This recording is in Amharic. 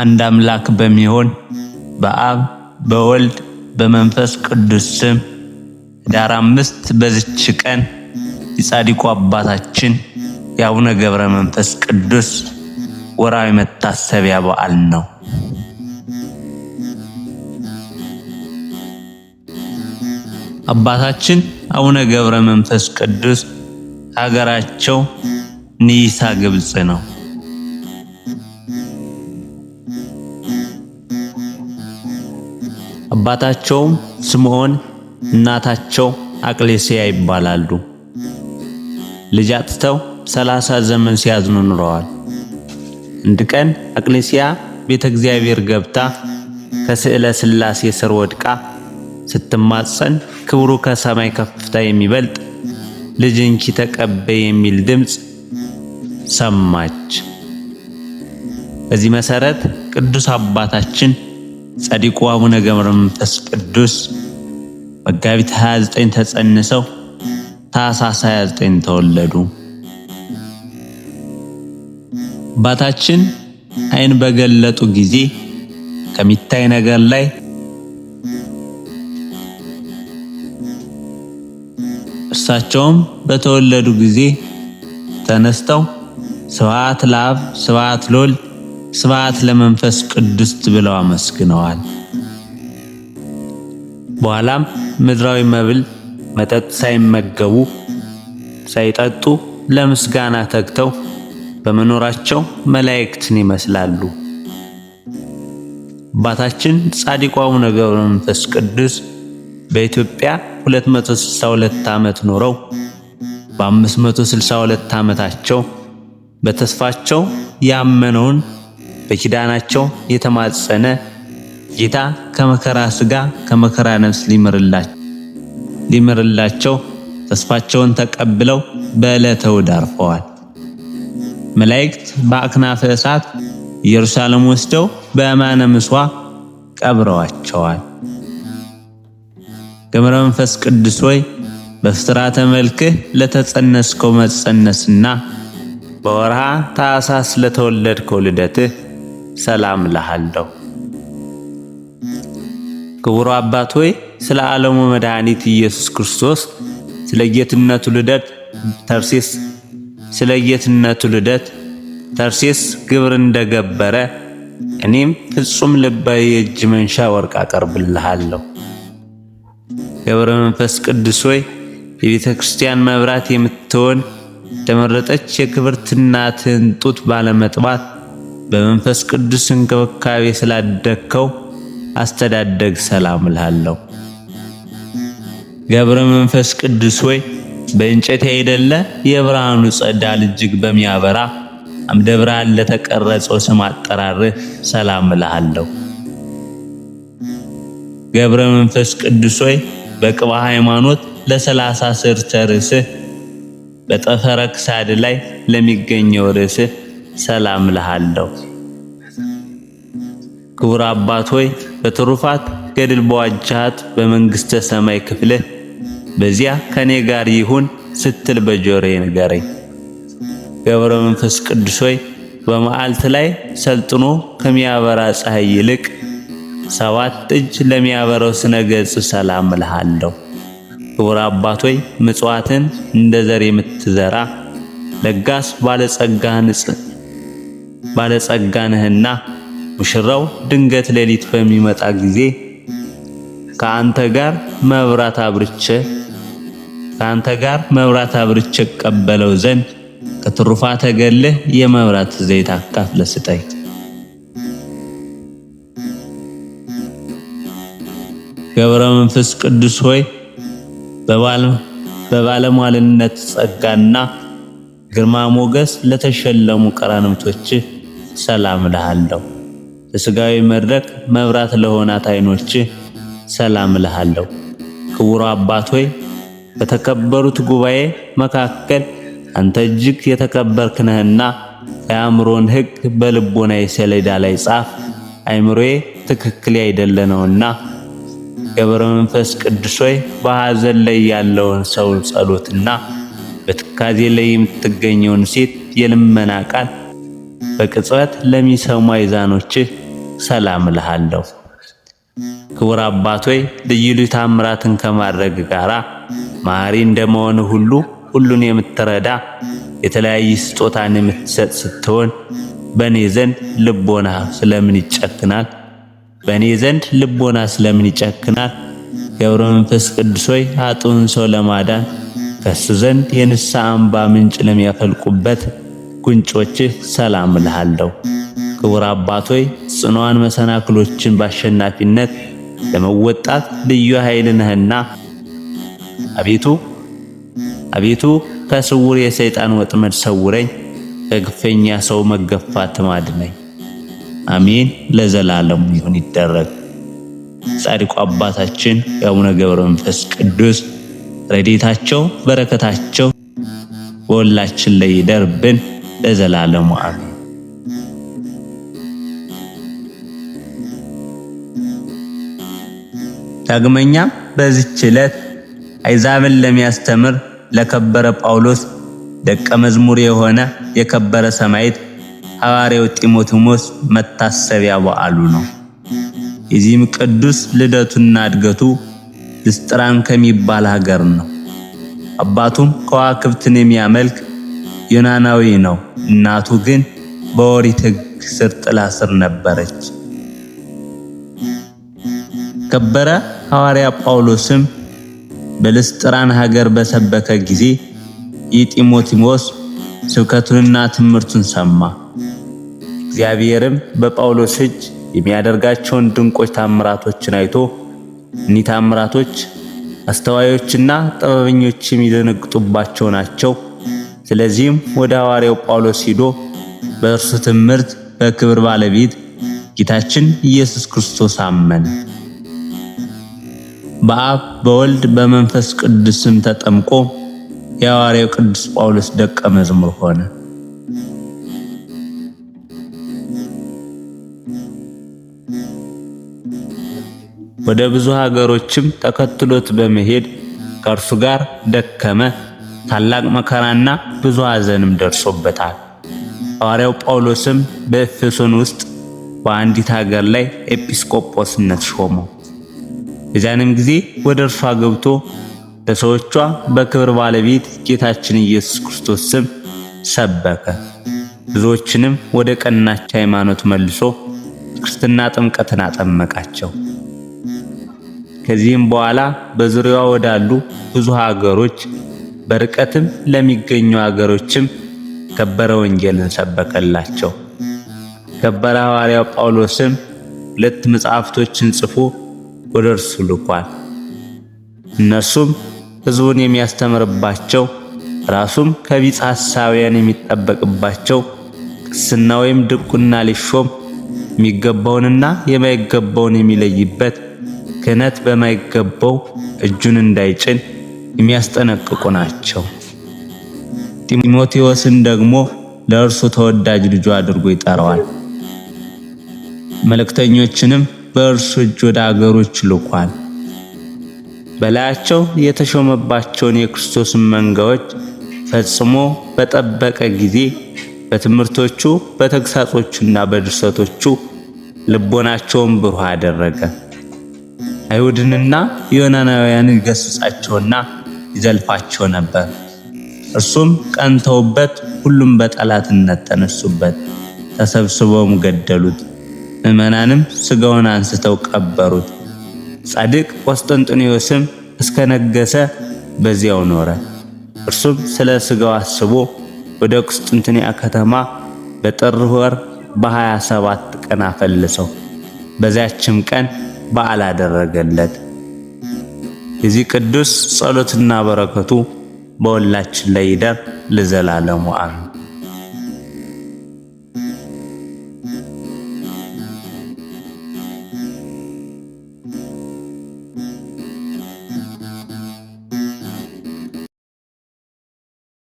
አንድ አምላክ በሚሆን በአብ በወልድ በመንፈስ ቅዱስ ስም ኅዳር አምስት በዝች ቀን የጻድቁ አባታችን የአቡነ ገብረ መንፈስ ቅዱስ ወራዊ መታሰቢያ በዓል ነው። አባታችን አቡነ ገብረ መንፈስ ቅዱስ ሀገራቸው ንይሳ ግብፅ ነው። አባታቸውም ስምዖን እናታቸው አቅሌስያ ይባላሉ። ልጅ አጥተው ሰላሳ ዘመን ሲያዝኑ ኑረዋል። አንድ ቀን አቅሌስያ ቤተ እግዚአብሔር ገብታ ከስዕለ ሥላሴ ስር ወድቃ ስትማጸን ክብሩ ከሰማይ ከፍታ የሚበልጥ ልጅ እንኪ ተቀበይ የሚል ድምፅ ሰማች። በዚህ መሰረት ቅዱስ አባታችን ጸዲቁ አቡነ ገብረ መንፈስ ቅዱስ መጋቢት 29 ተጸንሰው ታኅሳስ 29 ተወለዱ። አባታችን ዓይን በገለጡ ጊዜ ከሚታይ ነገር ላይ እርሳቸውም በተወለዱ ጊዜ ተነስተው ስብሐት ለአብ ስብሐት ለወልድ ስብዓት ለመንፈስ ቅዱስ ብለው አመስግነዋል። በኋላም ምድራዊ መብል መጠጥ ሳይመገቡ ሳይጠጡ ለምስጋና ተግተው በመኖራቸው መላእክትን ይመስላሉ። አባታችን ጻድቁ አቡነ ገብረ መንፈስ ቅዱስ በኢትዮጵያ 262 ዓመት ኖረው በ562 ዓመታቸው በተስፋቸው ያመነውን በኪዳናቸው የተማጸነ ጌታ ከመከራ ስጋ ከመከራ ነፍስ ሊምርላቸው ተስፋቸውን ተቀብለው በዕለተ እሑድ አርፈዋል። መላእክት በአክናፈ እሳት ኢየሩሳሌም ወስደው በእማነ ምስዋ ቀብረዋቸዋል። ገብረ መንፈስ ቅዱስ ሆይ በፍጥራተ መልክህ ለተጸነስከው መጸነስና በወርሃ ታሳስ ለተወለድከው ልደትህ ሰላም እልሃለሁ። ክቡር አባት ሆይ ስለ ዓለሙ መድኃኒት ኢየሱስ ክርስቶስ ስለ ጌትነቱ ልደት ተርሴስ ስለ ጌትነቱ ልደት ተርሴስ ግብር እንደገበረ እኔም ፍጹም ልባዊ የእጅ መንሻ ወርቅ አቀርብልሃለሁ። ገብረ መንፈስ ቅዱስ ሆይ የቤተ ክርስቲያን መብራት የምትሆን የተመረጠች የክብርት እናትህን ጡት ባለመጥባት በመንፈስ ቅዱስ እንክብካቤ ስላደግከው አስተዳደግ ሰላም እልሃለሁ። ገብረ መንፈስ ቅዱስ ሆይ በእንጨት ያይደለ የብርሃኑ ጸዳል እጅግ በሚያበራ አምደ ብርሃን ለተቀረጸው ስም አጠራርህ ሰላም እልሃለሁ። ገብረ መንፈስ ቅዱስ ሆይ በቅባ ሃይማኖት ለሰላሳ ስርተ ርዕስህ በጠፈረ ክሳድ ላይ ለሚገኘው ርዕስህ ሰላም ልሃለሁ። ክቡር አባት ሆይ በትሩፋት ገድል በዋጃት በመንግሥተ ሰማይ ክፍልህ በዚያ ከኔ ጋር ይሁን ስትል በጆሮዬ ንገረኝ። ገብረ መንፈስ ቅዱስ ሆይ በመዓልት ላይ ሰልጥኖ ከሚያበራ ፀሐይ ይልቅ ሰባት እጅ ለሚያበረው ስነ ገጽ ሰላም እልሃለሁ። ክቡር አባት ሆይ ምጽዋትን እንደ ዘር የምትዘራ ለጋስ ባለጸጋ ንጽህ ባለጸጋ ነህና ሙሽራው ድንገት ሌሊት በሚመጣ ጊዜ ከአንተ ጋር መብራት አብርቼ ከአንተ ጋር መብራት አብርቼ ቀበለው ዘንድ ከትሩፋተ ገለህ የመብራት ዘይት አካፍለህ ስጠኝ። ገብረ መንፈስ ቅዱስ ሆይ በባለሟልነት ጸጋና ግርማ ሞገስ ለተሸለሙ ቀራንብቶችህ ሰላም እልሃለሁ። ለስጋዊ መድረክ መብራት ለሆናት አይኖች ሰላም እልሃለሁ። ክቡር አባት ሆይ በተከበሩት ጉባኤ መካከል አንተ እጅግ የተከበርክ ነህና የአእምሮን ሕግ በልቦናዬ ሰሌዳ ላይ ጻፍ። አይምሮዬ ትክክል ነውና ገብረ መንፈስ ቅዱስ ሆይ በሐዘን ላይ ያለውን ሰው ጸሎትና በትካዜ ላይ የምትገኘውን ሴት የልመና ቃል በቅጽበት ለሚሰሙ አይዛኖችህ ሰላም እልሃለሁ። ክቡር አባቶይ ልዩ ልዩ ታምራትን ከማድረግ ጋራ መሐሪ እንደመሆን ሁሉ ሁሉን የምትረዳ የተለያየ ስጦታን የምትሰጥ ስትሆን በእኔ ዘንድ ልቦና ስለምን ይጨክናል? በእኔ ዘንድ ልቦና ስለምን ይጨክናል? ገብረ መንፈስ ቅዱሶይ አጡን ሰው ለማዳን ከሱ ዘንድ የንስሐ አምባ ምንጭ ለሚያፈልቁበት ጉንጮችህ ሰላም እልሃለሁ። ክቡር ሆይ ጽኗን መሰናክሎችን ባሸናፊነት ለመወጣት ልዩ ኃይል ነህና አቤቱ አቤቱ ከስውር የሰይጣን ወጥመድ ሰውረኝ፣ ከግፈኛ ሰው መገፋት ማድነኝ። አሜን ለዘላለም ይሁን ይደረግ። ጻድቁ አባታችን የአቡነ ገብረ መንፈስ ቅዱስ ረዴታቸው በረከታቸው በሁላችን ላይ ይደርብን። ለዘላለሙ አሜን። ዳግመኛም በዚች ዕለት አይዛብን ለሚያስተምር ለከበረ ጳውሎስ ደቀ መዝሙር የሆነ የከበረ ሰማዕት ሐዋርያው ጢሞቴዎስ መታሰቢያ በዓሉ ነው። የዚህም ቅዱስ ልደቱና እድገቱ ልስጥራን ከሚባል ሀገር ነው። አባቱም ከዋክብትን የሚያመልክ ዮናናዊ ነው። እናቱ ግን በኦሪት ሕግ ስር ጥላ ስር ነበረች። ከበረ ሐዋርያ ጳውሎስም በልስጥራን ሀገር በሰበከ ጊዜ የጢሞቴዎስ ስብከቱንና ትምህርቱን ሰማ። እግዚአብሔርም በጳውሎስ እጅ የሚያደርጋቸውን ድንቆች ታምራቶችን አይቶ እኒህ ታምራቶች አስተዋዮችና ጥበበኞች የሚደነግጡባቸው ናቸው ስለዚህም ወደ ሐዋርያው ጳውሎስ ሂዶ በእርሱ ትምህርት በክብር ባለቤት ጌታችን ኢየሱስ ክርስቶስ አመን፣ በአብ በወልድ በመንፈስ ቅዱስም ተጠምቆ የሐዋርያው ቅዱስ ጳውሎስ ደቀ መዝሙር ሆነ። ወደ ብዙ ሀገሮችም ተከትሎት በመሄድ ከእርሱ ጋር ደከመ። ታላቅ መከራና ብዙ ሐዘንም ደርሶበታል። ሐዋርያው ጳውሎስም በኤፌሶን ውስጥ በአንዲት ሀገር ላይ ኤጲስቆጶስነት ሾመው። በዚያንም ጊዜ ወደ እርሷ ገብቶ ለሰዎቿ በክብር ባለቤት ጌታችን ኢየሱስ ክርስቶስ ስም ሰበከ። ብዙዎችንም ወደ ቀናች ሃይማኖት መልሶ ክርስትና ጥምቀትን አጠመቃቸው። ከዚህም በኋላ በዙሪያዋ ወዳሉ ብዙ ሀገሮች በርቀትም ለሚገኙ አገሮችም ከበረ ወንጌልን ሰበከላቸው። ከበረ ሐዋርያው ጳውሎስም ሁለት መጽሐፍቶችን ጽፎ ወደ እርሱ ልኳል። እነርሱም ሕዝቡን የሚያስተምርባቸው ራሱም ከቢጽ ሐሳውያን የሚጠበቅባቸው ቅስና ወይም ድቁና ሊሾም የሚገባውንና የማይገባውን የሚለይበት ክህነት በማይገባው እጁን እንዳይጭን የሚያስጠነቅቁ ናቸው። ጢሞቴዎስን ደግሞ ለእርሱ ተወዳጅ ልጁ አድርጎ ይጠራዋል። መልእክተኞችንም በእርሱ እጅ ወደ አገሮች ልኳል። በላያቸው የተሾመባቸውን የክርስቶስን መንጋዎች ፈጽሞ በጠበቀ ጊዜ በትምህርቶቹ በተግሳጾቹና በድርሰቶቹ ልቦናቸውን ብሩህ አደረገ። አይሁድንና ዮናናውያንን ይገሥጻቸውና ይዘልፋቸው ነበር። እርሱም ቀንተውበት ሁሉም በጠላትነት ተነሱበት፣ ተሰብስበውም ገደሉት። ምዕመናንም ስጋውን አንስተው ቀበሩት። ጻድቅ እስከ እስከነገሰ በዚያው ኖረ። እርሱም ስለ ስጋው አስቦ ወደ ቁስጥንጥንያ ከተማ በጥር ወር በ27 ቀን አፈልሰው። በዚያችም ቀን በዓል አደረገለት። የዚህ ቅዱስ ጸሎትና በረከቱ በሁላችን ላይ ይደር ለዘላለሙ አሜን።